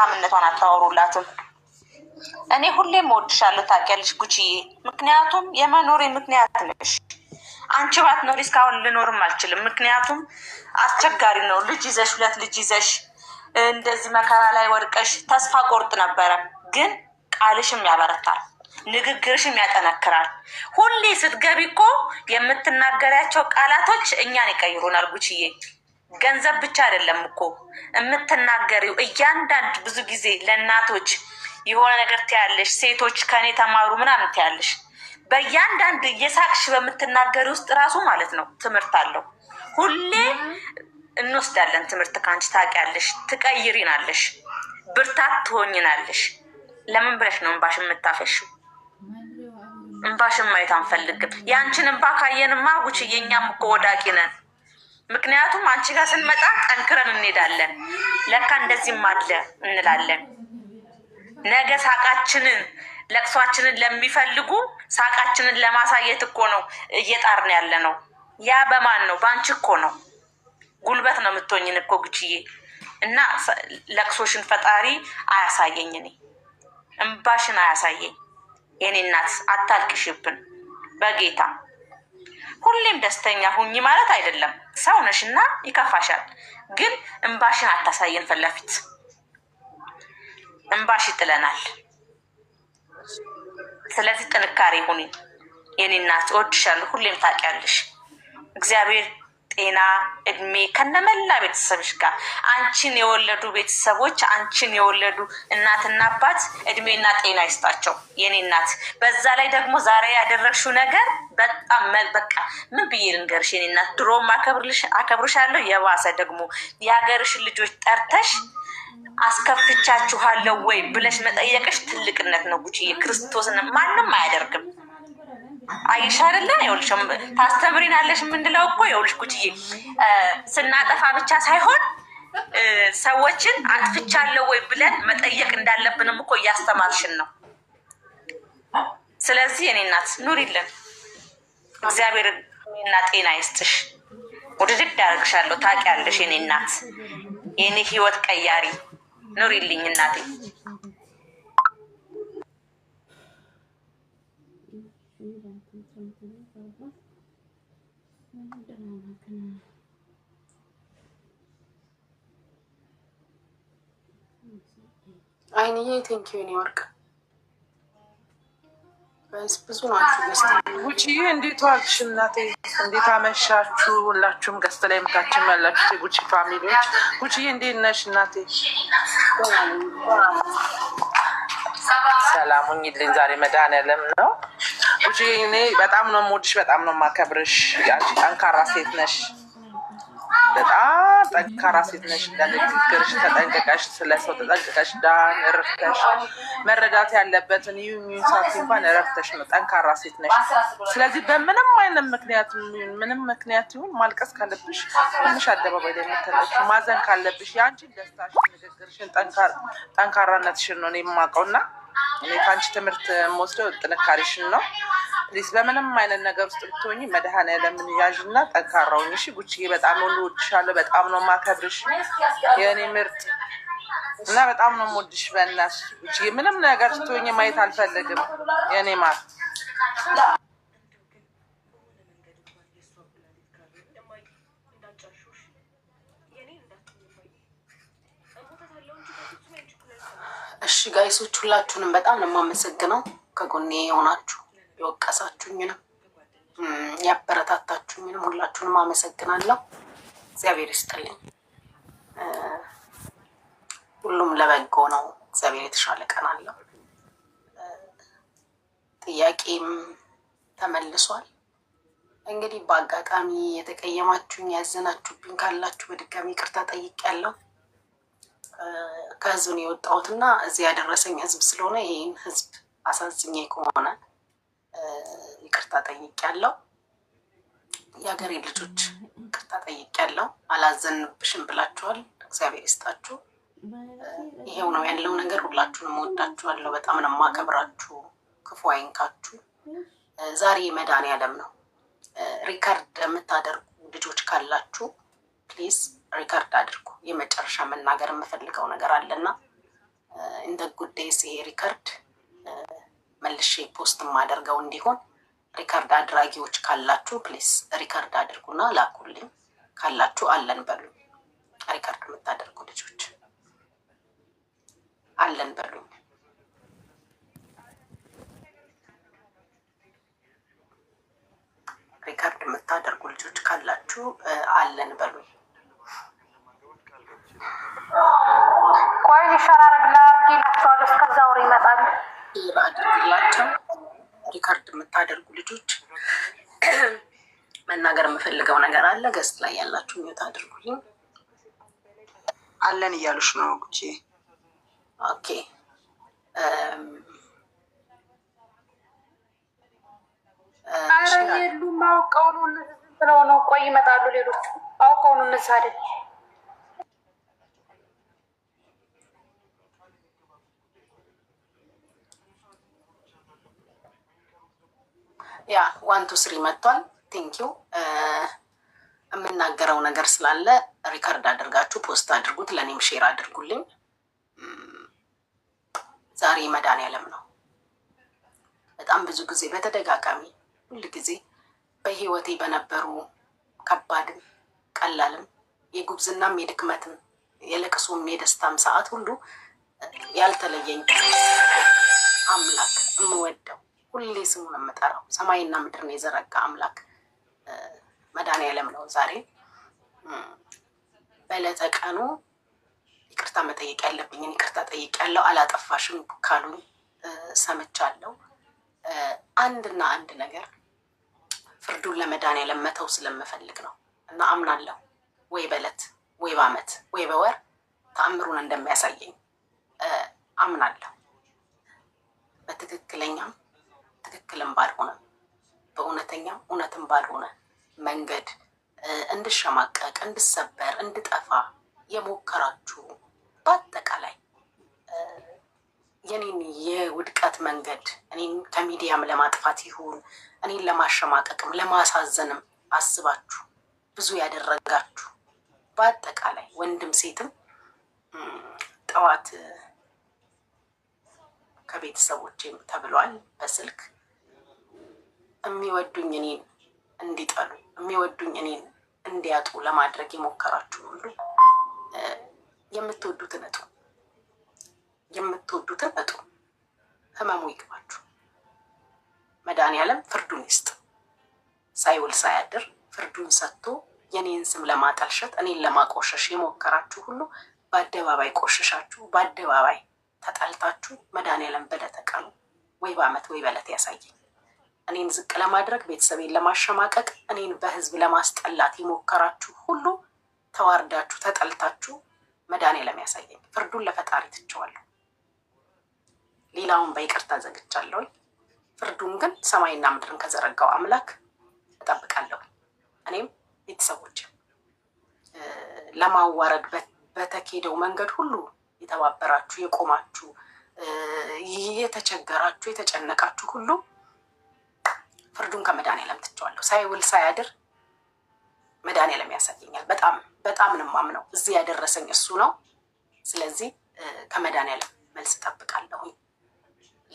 መልካምነቷን አታወሩላትም። እኔ ሁሌም እወድሻለሁ ታውቂያለሽ ጉቺዬ፣ ምክንያቱም የመኖሬ ምክንያት ነሽ። አንቺ ባትኖሪ እስካሁን ልኖርም አልችልም። ምክንያቱም አስቸጋሪ ነው። ልጅ ይዘሽ ሁለት ልጅ ይዘሽ እንደዚህ መከራ ላይ ወድቀሽ ተስፋ ቆርጥ ነበረ። ግን ቃልሽም ያበረታል፣ ንግግርሽም ያጠነክራል። ሁሌ ስትገቢ እኮ የምትናገሪያቸው ቃላቶች እኛን ይቀይሩናል ጉቺዬ። ገንዘብ ብቻ አይደለም እኮ የምትናገሪው። እያንዳንድ ብዙ ጊዜ ለእናቶች የሆነ ነገር ትያለሽ፣ ሴቶች ከኔ ተማሩ ምናምን ትያለሽ። በእያንዳንድ የሳቅሽ በምትናገሪ ውስጥ ራሱ ማለት ነው ትምህርት አለው። ሁሌ እንወስዳለን ትምህርት ከአንቺ ታውቂያለሽ፣ ትቀይሪናለሽ፣ ብርታት ትሆኝናለሽ። ለምን ብለሽ ነው እንባሽ የምታፈሽው? እንባሽን ማየት አንፈልግም። የአንቺን እንባ ካየንማ ጉቺ የእኛም እኮ ወዳቂ ነን። ምክንያቱም አንቺ ጋር ስንመጣ ጠንክረን እንሄዳለን። ለካ እንደዚህም አለ እንላለን። ነገ ሳቃችንን ለቅሷችንን ለሚፈልጉ ሳቃችንን ለማሳየት እኮ ነው እየጣርን ያለ ነው። ያ በማን ነው? በአንቺ እኮ ነው። ጉልበት ነው የምትሆኝን እኮ ጉችዬ። እና ለቅሶሽን ፈጣሪ አያሳየኝ፣ እኔ እምባሽን አያሳየኝ። የኔ እናት አታልቅሽብን በጌታ ሁሌም ደስተኛ ሁኚ ማለት አይደለም። ሰው ነሽና ይከፋሻል፣ ግን እምባሽን አታሳየን። ፊት ለፊት እምባሽ ይጥለናል። ስለዚህ ጥንካሬ ሁኒ የኔ እናት፣ እወድሻለሁ። ሁሌም ታውቂያለሽ እግዚአብሔር ጤና፣ እድሜ ከነመላ ቤተሰብሽ ጋር አንቺን የወለዱ ቤተሰቦች አንቺን የወለዱ እናትና አባት እድሜና ጤና ይስጣቸው የኔ እናት። በዛ ላይ ደግሞ ዛሬ ያደረግሽው ነገር በጣም በቃ ምን ብዬ ልንገርሽ የኔ እናት። ድሮም አከብርሻለሁ፣ የባሰ ደግሞ የሀገርሽ ልጆች ጠርተሽ አስከፍቻችኋለሁ ወይ ብለሽ መጠየቅሽ ትልቅነት ነው ጉቺዬ። ክርስቶስን ማንም አያደርግም። አይሻ አይደለ? ይኸውልሽ ታስተምሪናለሽ የምንለው እኮ ይኸውልሽ ጉቺዬ ስናጠፋ ብቻ ሳይሆን ሰዎችን አጥፍቻለሁ ወይ ብለን መጠየቅ እንዳለብንም እኮ እያስተማርሽን ነው። ስለዚህ የኔ እናት ኑሪልን፣ እግዚአብሔር እና ጤና ይስጥሽ። ውድድድ አደርግሻለሁ፣ ታውቂያለሽ የኔ እናት፣ የኔ ህይወት ቀያሪ ኑሪልኝ እናቴ። አይንዬ ቴንኪዩ ኔ ወርቅ ብዙ ናችሁ። ጉቺዬ እንዴት ዋልሽ እናቴ? እንዴት አመሻችሁ? ሁላችሁም ገስት ላይ ምታችን ያላችሁ የጉቺ ፋሚሊዎች ጉቺዬ እንዴት ነሽ እናቴ? ሰላሙ ልኝ ዛሬ መድኃኒዓለም ነው። ጉቺዬ እኔ በጣም ነው የምወድሽ፣ በጣም ነው የማከብርሽ። ጠንካራ ሴት ነሽ። በጣም ጠንካራ ሴት ነሽ። ለንግግርሽ ተጠንቀቀሽ፣ ስለሰው ተጠንቀቀሽ፣ ዳን ረፍተሽ መረዳት ያለበትን ሚሳት እንኳን ረፍተሽ ነው። ጠንካራ ሴት ነሽ። ስለዚህ በምንም አይነት ምክንያት ምንም ምክንያት ይሁን ማልቀስ ካለብሽ ትንሽ አደባባይ ላይ የምትለች ማዘን ካለብሽ የአንቺን ደስታሽን፣ ንግግርሽን፣ ጠንካራነትሽን ነው የማውቀው እና እኔ ከአንቺ ትምህርት የምወስደው ጥንካሬሽን ነው። ፕሊስ በምንም አይነት ነገር ውስጥ ብትሆኝ መድኃኒዓለምን ያዥና ጠንካራውኝ። እሺ ጉቺዬ፣ በጣም ነው ልወድሻለሁ። በጣም ነው ማከብርሽ የእኔ ምርጥ እና በጣም ነው የምወድሽ። በእናትሽ ጉቺዬ፣ ምንም ነገር ስትሆኝ ማየት አልፈልግም የእኔ ማር እሺ ጋይሶች ሁላችሁንም በጣም ነው የማመሰግነው ከጎኔ የሆናችሁ የወቀሳችሁኝንም ያበረታታችሁኝንም ሁላችሁንም አመሰግናለሁ። እግዚአብሔር ይስጥልኝ። ሁሉም ለበጎ ነው። እግዚአብሔር የተሻለ ቀን አለው። ጥያቄም ተመልሷል። እንግዲህ በአጋጣሚ የተቀየማችሁኝ ያዘናችሁብኝ ካላችሁ በድጋሚ ቅርታ ጠይቄያለሁ። ከህዝብ ነው የወጣሁት እና እዚህ ያደረሰኝ ህዝብ ስለሆነ ይህን ህዝብ አሳዝኜ ከሆነ ይቅርታ ጠይቄያለሁ። የሀገሬ ልጆች ይቅርታ ጠይቄያለሁ። አላዘንብሽም ብላችኋል። እግዚአብሔር ይስጣችሁ። ይሄው ነው ያለው ነገር። ሁላችሁንም ወዳችኋለሁ። በጣም ነው የማከብራችሁ። ክፉ አይንካችሁ። ዛሬ መድኃኒዓለም ነው። ሪከርድ የምታደርጉ ልጆች ካላችሁ ፕሊዝ ሪከርድ አድርጉ። የመጨረሻ መናገር የምፈልገው ነገር አለና እንደ ጉዳይ ይሄ ሪከርድ መልሼ ፖስት የማደርገው እንዲሆን ሪከርድ አድራጊዎች ካላችሁ ፕሊስ ሪከርድ አድርጉና ላኩልኝ። ካላችሁ አለን በሉ። ሪከርድ የምታደርጉ ልጆች አለን በሉ። ሪከርድ የምታደርጉ ልጆች ካላችሁ አለን በሉ። ቆይ ሸራረግ ላይ አርጌ ይላቸዋል። እስከዛ ወር ይመጣል አድርግላቸው። ሪካርድ የምታደርጉ ልጆች መናገር የምፈልገው ነገር አለ። ገስት ላይ ያላችሁ ሚውት አድርጉልኝ። አለን እያሉሽ ነው ጉቺ። ኦኬ ኧረ የሉም። አውቀው ነው ቆይ ይመጣሉ ሌሎቹ። አውቀው ነው ያ ዋን ቱ ስሪ መጥቷል። ቴንኪዩ የምናገረው ነገር ስላለ ሪከርድ አድርጋችሁ ፖስት አድርጉት፣ ለእኔም ሼር አድርጉልኝ። ዛሬ መድኃኒዓለም ነው። በጣም ብዙ ጊዜ በተደጋጋሚ ሁል ጊዜ በህይወቴ በነበሩ ከባድም ቀላልም የጉብዝናም የድክመትም የለቅሶም የደስታም ሰዓት ሁሉ ያልተለየኝ አምላክ የምወደው ሁሌ ነው የምጠራው ሰማይና ምድርን የዘረጋ አምላክ መድኃኔዓለም ነው። ዛሬ በዕለተ ቀኑ ይቅርታ መጠየቅ ያለብኝን ይቅርታ ጠይቄያለሁ። አላጠፋሽም ካሉኝ ሰምቻለሁ። አንድና አንድ ነገር ፍርዱን ለመድኃኔዓለም መተው ስለምፈልግ ነው እና አምናለሁ ወይ በዕለት ወይ በዓመት ወይ በወር ተአምሩን እንደሚያሳየኝ አምናለሁ በትክክለኛም ትክክልም ባልሆነ በእውነተኛም እውነትም ባልሆነ መንገድ እንድሸማቀቅ፣ እንድሰበር፣ እንድጠፋ የሞከራችሁ በአጠቃላይ የኔን የውድቀት መንገድ እኔን ከሚዲያም ለማጥፋት ይሁን እኔን ለማሸማቀቅም ለማሳዘንም አስባችሁ ብዙ ያደረጋችሁ በአጠቃላይ ወንድም ሴትም ጠዋት ከቤተሰቦቼም ተብሏል በስልክ የሚወዱኝ እኔን እንዲጠሉ የሚወዱኝ እኔን እንዲያጡ ለማድረግ የሞከራችሁ ሁሉ የምትወዱትን እጡ የምትወዱትን እጡ። ህመሙ ይግባችሁ። መድኃኒዓለም ፍርዱን ይስጥ። ሳይውል ሳያድር ፍርዱን ሰጥቶ የኔን ስም ለማጠልሸት እኔን ለማቆሸሽ የሞከራችሁ ሁሉ በአደባባይ ቆሸሻችሁ፣ በአደባባይ ተጠልታችሁ መድኃኒዓለም በለተቀኑ ወይ በአመት ወይ በለት ያሳየኝ። እኔን ዝቅ ለማድረግ ቤተሰቤን ለማሸማቀቅ እኔን በህዝብ ለማስጠላት የሞከራችሁ ሁሉ ተዋርዳችሁ ተጠልታችሁ መዳኔ ለሚያሳየኝ ፍርዱን ለፈጣሪ ትቼዋለሁ። ሌላውን በይቅርታ ዘግቻለሁኝ። ፍርዱን ግን ሰማይና ምድርን ከዘረጋው አምላክ እጠብቃለሁ። እኔም ቤተሰቦች ለማዋረድ በተኬደው መንገድ ሁሉ የተባበራችሁ የቆማችሁ የተቸገራችሁ የተጨነቃችሁ ሁሉ ፍርዱን ከመድኃኒዓለም ትቼዋለሁ። ሳይውል ሳያድር መድኃኒዓለም ያሳየኛል። በጣም በጣም ነው እዚህ ያደረሰኝ እሱ ነው። ስለዚህ ከመድኃኒዓለም መልስ እጠብቃለሁኝ።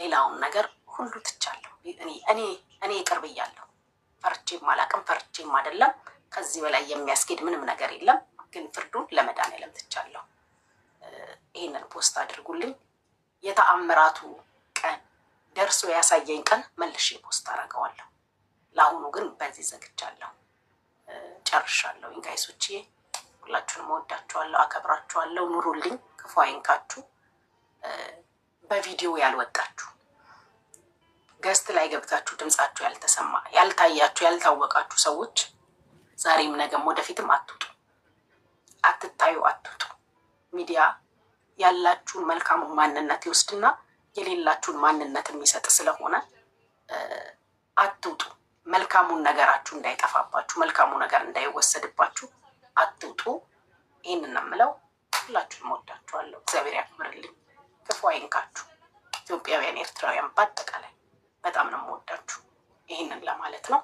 ሌላውን ነገር ሁሉ ትቻለሁ። እኔ እኔ ይቅር ብያለሁ። ፈርቼም አላቅም፣ ፈርቼም አይደለም። ከዚህ በላይ የሚያስኬድ ምንም ነገር የለም። ግን ፍርዱን ለመድኃኒዓለም ትቻለሁ። ይህንን ፖስት አድርጉልኝ። የተአምራቱ ቀን ደርሶ ያሳየኝ ቀን መልሼ ፖስት አደርገዋለሁ። ለአሁኑ ግን በዚህ ዘግቻለሁ፣ ጨርሻለሁ። ኢንጋይሶቼ ሁላችሁንም ወዳችኋለሁ፣ አከብራችኋለሁ። ኑሩልኝ፣ ክፉ አይንካችሁ። በቪዲዮ ያልወጣችሁ ገስት ላይ ገብታችሁ ድምጻችሁ ያልተሰማ ያልታያችሁ ያልታወቃችሁ ሰዎች ዛሬም ነገም ወደፊትም አትውጡ፣ አትታዩ፣ አትውጡ። ሚዲያ ያላችሁን መልካሙ ማንነት ይወስድና የሌላችሁን ማንነት የሚሰጥ ስለሆነ አትውጡ። መልካሙን ነገራችሁ እንዳይጠፋባችሁ፣ መልካሙ ነገር እንዳይወሰድባችሁ አትውጡ። ይህንን የምለው ሁላችሁም ወዳችኋለሁ። እግዚአብሔር ያክብርልኝ፣ ክፉ አይንካችሁ። ኢትዮጵያውያን፣ ኤርትራውያን በአጠቃላይ በጣም ነው የምወዳችሁ። ይህንን ለማለት ነው።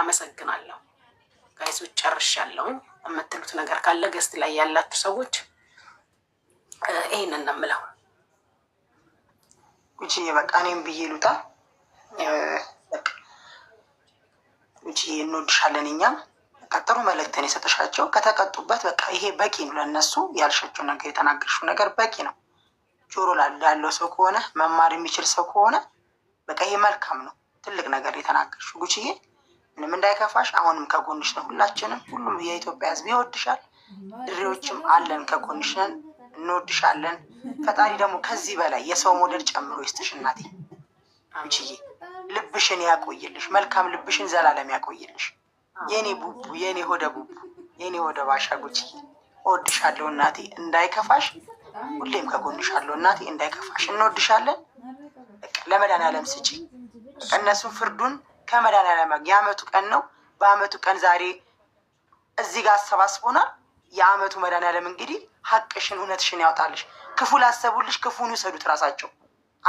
አመሰግናለሁ። ጋይሶች ጨርሻለሁኝ። የምትሉት ነገር ካለ ገስት ላይ ያላችሁ ሰዎች ይህንን ነው የምለው። በቃ እኔም ብዬ ልውጣ። እንጂ እንወድሻለን እኛም ቀጥሩ መልእክትን የሰጠሻቸው ከተቀጡበት በቃ ይሄ በቂ ነው ለእነሱ። ያልሸችው ነገር የተናገርሽው ነገር በቂ ነው። ጆሮ ላለው ሰው ከሆነ መማር የሚችል ሰው ከሆነ በቃ ይሄ መልካም ነው። ትልቅ ነገር የተናገርሽው ጉቺዬ፣ ምንም እንዳይከፋሽ፣ አሁንም ከጎንሽ ነው ሁላችንም። ሁሉም የኢትዮጵያ ሕዝብ ይወድሻል። ድሬዎችም አለን ከጎንሽ ነን፣ እንወድሻለን። ፈጣሪ ደግሞ ከዚህ በላይ የሰው ሞደል ጨምሮ ይስጥሽ እናቴ ልብሽን ያቆይልሽ፣ መልካም ልብሽን ዘላለም ያቆይልሽ። የኔ ቡቡ፣ የኔ ሆደ ቡቡ፣ የኔ ሆደ ባሻ ጉቺ፣ እወድሻለሁ እናቴ፣ እንዳይከፋሽ፣ ሁሌም ከጎንሻለሁ እናቴ፣ እንዳይከፋሽ። እንወድሻለን። ለመድኃኒዓለም ስጪ። እነሱን ፍርዱን ከመድኃኒዓለም የአመቱ ቀን ነው። በአመቱ ቀን ዛሬ እዚህ ጋር አሰባስቦናል። የአመቱ መድኃኒዓለም እንግዲህ ሀቅሽን እውነትሽን ያውጣልሽ። ክፉ ላሰቡልሽ ክፉን ይውሰዱት ራሳቸው።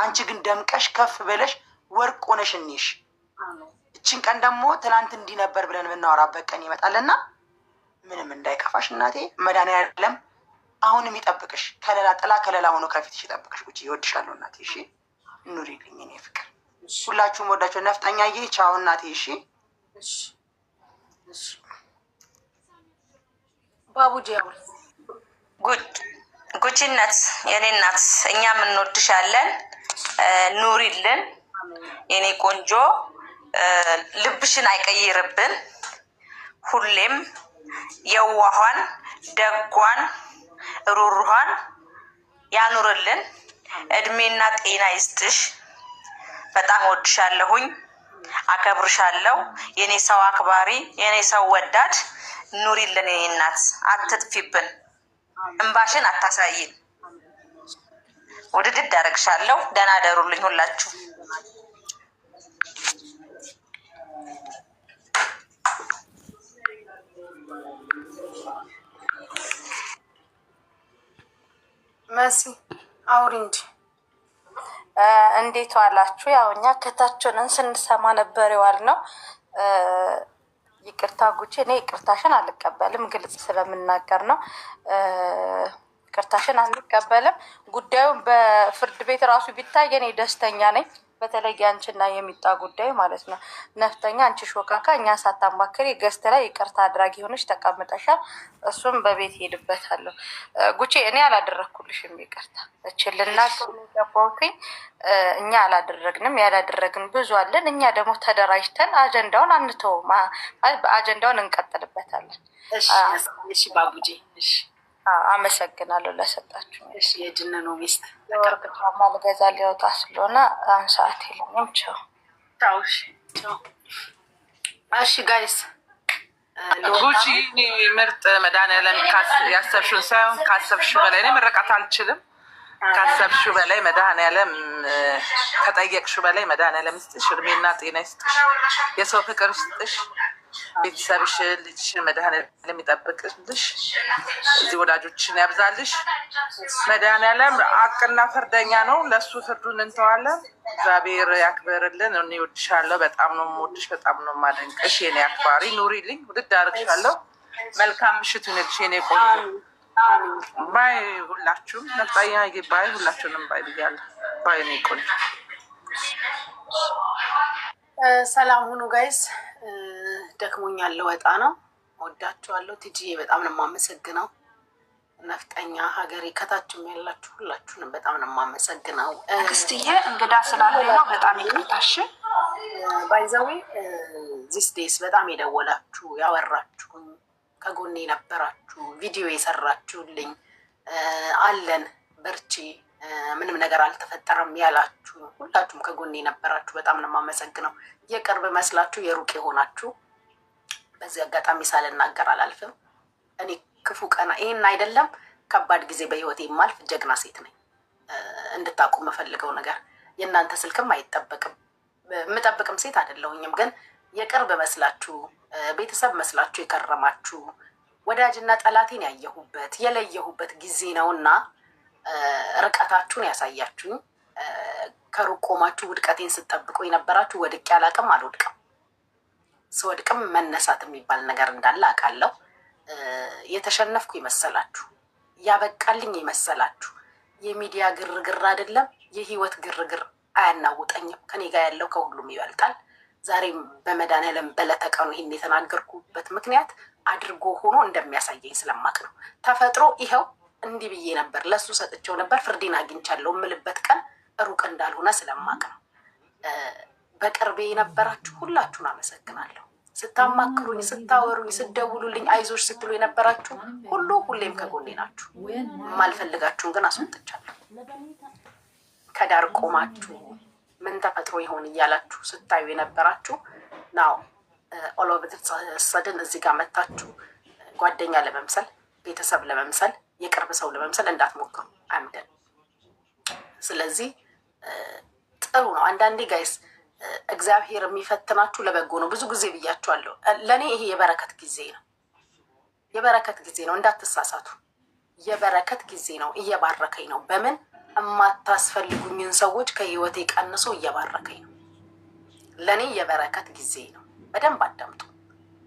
አንቺ ግን ደምቀሽ ከፍ ብለሽ ወርቅ ሆነሽ እንይሽ። እችን ቀን ደግሞ ትናንት እንዲህ ነበር ብለን የምናወራበት ቀን ይመጣልና ምንም እንዳይከፋሽ እናቴ። መድኃኒዓለም አሁንም ይጠብቅሽ። ከለላ ጥላ ከለላ ሆኖ ከፊትሽ ይጠብቅሽ። ውጭ ይወድሻለሁ እናቴ። እሺ ኑሪልኝ እኔ ፍቅር። ሁላችሁም ወዳቸው ነፍጠኛ። ይህ ቻው እናቴ። እሺ ባቡጂ ጉቺ እናት፣ የኔ እናት፣ እኛም እንወድሻለን። ኑሪልን የኔ ቆንጆ ልብሽን አይቀይርብን። ሁሌም የዋኋን ደጓን ሩሩሃን ያኑርልን። እድሜና ጤና ይስጥሽ። በጣም ወድሻለሁኝ፣ አከብርሻለሁ። የኔ ሰው አክባሪ፣ የኔ ሰው ወዳድ ኑሪልን። የኔ እናት አትጥፊብን፣ እንባሽን አታሳይን። ውድድ አደረግሻለሁ። ደህና ደሩልኝ ሁላችሁ። መሲ አውሪ እንጂ እንዴት ዋላችሁ? ያው እኛ ከታችንን ስንሰማ ነበር የዋል ነው። ይቅርታ ጉቺ፣ እኔ ይቅርታሽን አልቀበልም፣ ግልጽ ስለምናገር ነው። ይቅርታሽን አልቀበልም። ጉዳዩን በፍርድ ቤት ራሱ ቢታይ እኔ ደስተኛ ነኝ። በተለይ አንቺና የሚጣ ጉዳይ ማለት ነው። ነፍጠኛ አንቺ ሾካካ እኛ ሳታማክሪ ገስት ላይ ይቅርታ አድራጊ ሆነች ተቀምጠሻል። እሱም በቤት ሄድበታለሁ። ጉቼ እኔ አላደረግኩልሽም ይቅርታ እች ገባውትኝ እኛ አላደረግንም። ያላደረግን ብዙ አለን። እኛ ደግሞ ተደራጅተን አጀንዳውን አንተውም። አጀንዳውን እንቀጥልበታለን። እሺ ባቡጄ እሺ አመሰግናለሁ ለሰጣችሁ። የድነ ነው ሚስት ለወርቅ ጫማ ልገዛ ሊወጣ ስለሆነ አሁን ሰዓት የለኝም። ቸው ታውሽ እሺ ጋይስ ጉቺ ምርጥ መድኃኒዓለም ያሰብሽውን ሳይሆን ካሰብሽው በላይ እኔ መረቃት አልችልም። ካሰብሽው በላይ መድኃኒዓለም ከጠየቅሽው በላይ መድኃኒዓለም ይስጥሽ፣ እድሜና ጤና ይስጥሽ፣ የሰው ፍቅር ይስጥሽ። ቤተሰብሽን፣ ልጅሽን መድኃኒዓለም የሚጠብቅልሽ እዚህ ወዳጆችን ያብዛልሽ። መድኃኒዓለም አቅና ፍርደኛ ነው። ለእሱ ፍርዱን እንተዋለን። እግዚአብሔር ያክብርልን። እኔ እወድሻለሁ። በጣም ነው የምወድሽ። በጣም ነው የማደንቅሽ። የኔ አክባሪ ኑሪልኝ። ውድድ አደርግሻለሁ። መልካም ምሽት ይሁንልሽ የኔ ቆንጆ። ባይ ሁላችሁም ነፍጣኛ ባይ ሁላችሁንም ባይ ብያለሁ። ባይ እኔ ቆንጆ ሰላም ሁኑ ጋይስ። ደክሞኛል፣ ልወጣ ነው። ወዳችኋለሁ። ቲጂዬ በጣም ነው የማመሰግነው። ነፍጠኛ ሀገሬ ከታችም ያላችሁ ሁላችሁንም በጣም ነው የማመሰግነው። ክስትዬ እንግዳ ስላለ ነው በጣም ይቅርታሽ። ባይዘዌ ዚስ በጣም የደወላችሁ ያወራችሁኝ፣ ከጎኔ የነበራችሁ ቪዲዮ የሰራችሁልኝ አለን በርቺ ምንም ነገር አልተፈጠረም ያላችሁ ሁላችሁም ከጎኔ የነበራችሁ በጣም ነው የማመሰግነው። የቅርብ መስላችሁ የሩቅ የሆናችሁ በዚህ አጋጣሚ ሳልናገር አላልፍም። እኔ ክፉ ቀና ይህን አይደለም ከባድ ጊዜ በህይወት የማልፍ ጀግና ሴት ነኝ። እንድታውቁ የምፈልገው ነገር የእናንተ ስልክም አይጠበቅም የምጠብቅም ሴት አይደለሁኝም። ግን የቅርብ መስላችሁ ቤተሰብ መስላችሁ የከረማችሁ ወዳጅና ጠላቴን ያየሁበት የለየሁበት ጊዜ ነው እና ርቀታችሁን ያሳያችሁኝ ከሩቅ ቆማችሁ ውድቀቴን ስጠብቁ የነበራችሁ ወድቄ አላቅም አልወድቅም ስወድቅም መነሳት የሚባል ነገር እንዳለ አውቃለሁ። የተሸነፍኩ ይመሰላችሁ፣ ያበቃልኝ ይመሰላችሁ። የሚዲያ ግርግር አይደለም የህይወት ግርግር አያናውጠኝም። ከኔ ጋር ያለው ከሁሉም ይበልጣል። ዛሬም በመድኃኒዓለም በለተቀኑ ይህን የተናገርኩበት ምክንያት አድርጎ ሆኖ እንደሚያሳየኝ ስለማቅ ነው። ተፈጥሮ ይኸው እንዲህ ብዬ ነበር፣ ለሱ ሰጥቼው ነበር፣ ፍርዴን አግኝቻለሁ የምልበት ቀን ሩቅ እንዳልሆነ ስለማቅ ነው። በቅርቤ የነበራችሁ ሁላችሁን አመሰግናለሁ። ስታማክሩኝ፣ ስታወሩኝ፣ ስደውሉልኝ፣ አይዞች ስትሉ የነበራችሁ ሁሉ ሁሌም ከጎኔ ናችሁ። የማልፈልጋችሁን ግን አስወጥቻለሁ። ከዳር ቆማችሁ ምን ተፈጥሮ ይሆን እያላችሁ ስታዩ የነበራችሁ ናው ኦሎብት ሰድን እዚህ ጋር መታችሁ ጓደኛ ለመምሰል ቤተሰብ ለመምሰል የቅርብ ሰው ለመምሰል እንዳትሞክሩ አምደን። ስለዚህ ጥሩ ነው አንዳንዴ ጋይስ እግዚአብሔር የሚፈትናችሁ ለበጎ ነው። ብዙ ጊዜ ብያችኋለሁ። ለእኔ ይሄ የበረከት ጊዜ ነው። የበረከት ጊዜ ነው። እንዳትሳሳቱ። የበረከት ጊዜ ነው። እየባረከኝ ነው። በምን የማታስፈልጉኝን ሰዎች ከህይወቴ ቀንሶ እየባረከኝ ነው። ለእኔ የበረከት ጊዜ ነው። በደንብ አዳምጡ።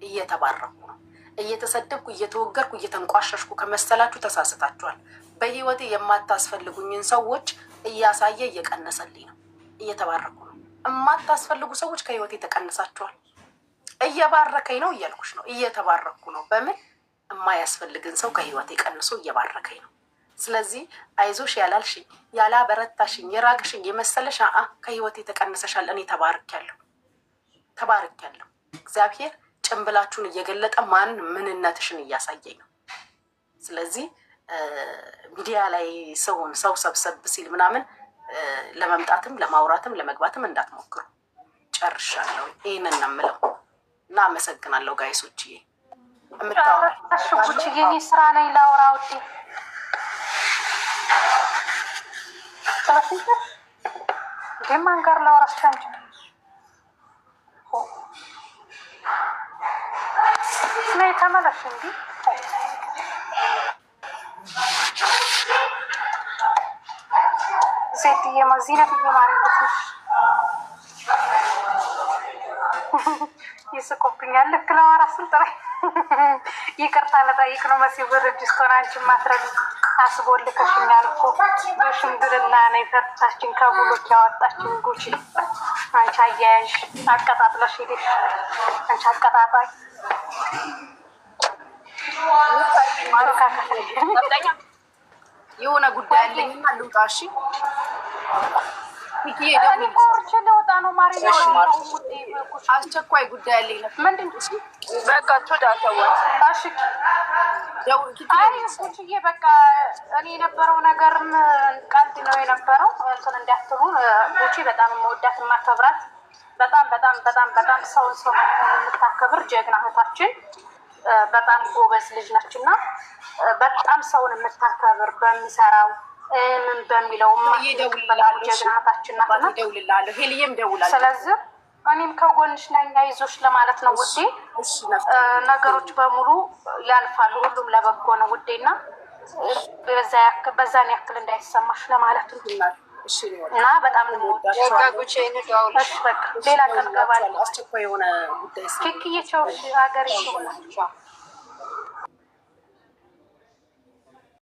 እየተባረኩ ነው። እየተሰደብኩ እየተወገርኩ እየተንቋሸሽኩ ከመሰላችሁ ተሳስታችኋል። በህይወቴ የማታስፈልጉኝን ሰዎች እያሳየ እየቀነሰልኝ ነው። እየተባረኩ ነው። የማታስፈልጉ ሰዎች ከህይወቴ ተቀንሳችኋል። እየባረከኝ ነው እያልኩሽ ነው፣ እየተባረኩ ነው። በምን የማያስፈልግን ሰው ከህይወቴ ቀንሶ እየባረከኝ ነው። ስለዚህ አይዞሽ ያላልሽኝ፣ ያላበረታሽኝ፣ የራቅሽኝ የመሰለሽ አ ከህይወቴ ተቀንሰሻል። እኔ ተባርኪያለሁ፣ ተባርኪያለሁ። እግዚአብሔር ጭንብላችሁን እየገለጠ ማን ምንነትሽን እያሳየኝ ነው። ስለዚህ ሚዲያ ላይ ሰውን ሰው ሰብሰብ ሲል ምናምን ለመምጣትም ለማውራትም ለመግባትም እንዳትሞክሩ። ጨርሻለሁ። ይህንን ነው የምለው እና አመሰግናለሁ ጋይሶችዬ። ሽጉችዬ ግን ስራ ላይ ላውራ ውዴ ማን ጋር ላውራ ስቻንች ተመለሽ እንዲህ ሴትዬ ዚነትዬ ማርያም ይስቁብኛል። ልክ ለማራ ስልጥራ ይቅርታ ለጠይቅ ነው መሲ ብርጅስቶን አንቺን ማስረድ አስቦልከሽኛል እኮ በሽምግልና ነው የፈታችን ከቡሎች ያወጣችን ጉቺ። አንቺ አያያዥ አቀጣጥለሽ ሄደሽ አንቺ አቀጣጣይ የሆነ ጉዳይ አለኝና ልውጣ። እሺ አስቸኳይ ጉዳይ አለኝ። ምንድን በቃ እኔ የነበረው ነገርም ቀልድ ነው የነበረው። እንትን እንዳትሉ ጉቺ በጣም መወዳት የማከብራት በጣም በጣም በጣም በጣም ሰውን ሰው የምታከብር ጀግና እህታችን በጣም ጎበዝ ልጅ ነች እና በጣም ሰውን የምታከብር በሚሰራው ምን በሚለው ጀግናታችን ስለዚህ እኔም ከጎንሽ ነኝ አይዞሽ ለማለት ነው ውዴ። ነገሮች በሙሉ ያልፋሉ፣ ሁሉም ለበጎ ነው ውዴ እና በዛን ያክል እንዳይሰማሽ ለማለት ነው። እና በጣም ሌላ ቀን ገባለሁ። አስቸኳይ የሆነ ጉዳይ ሀገር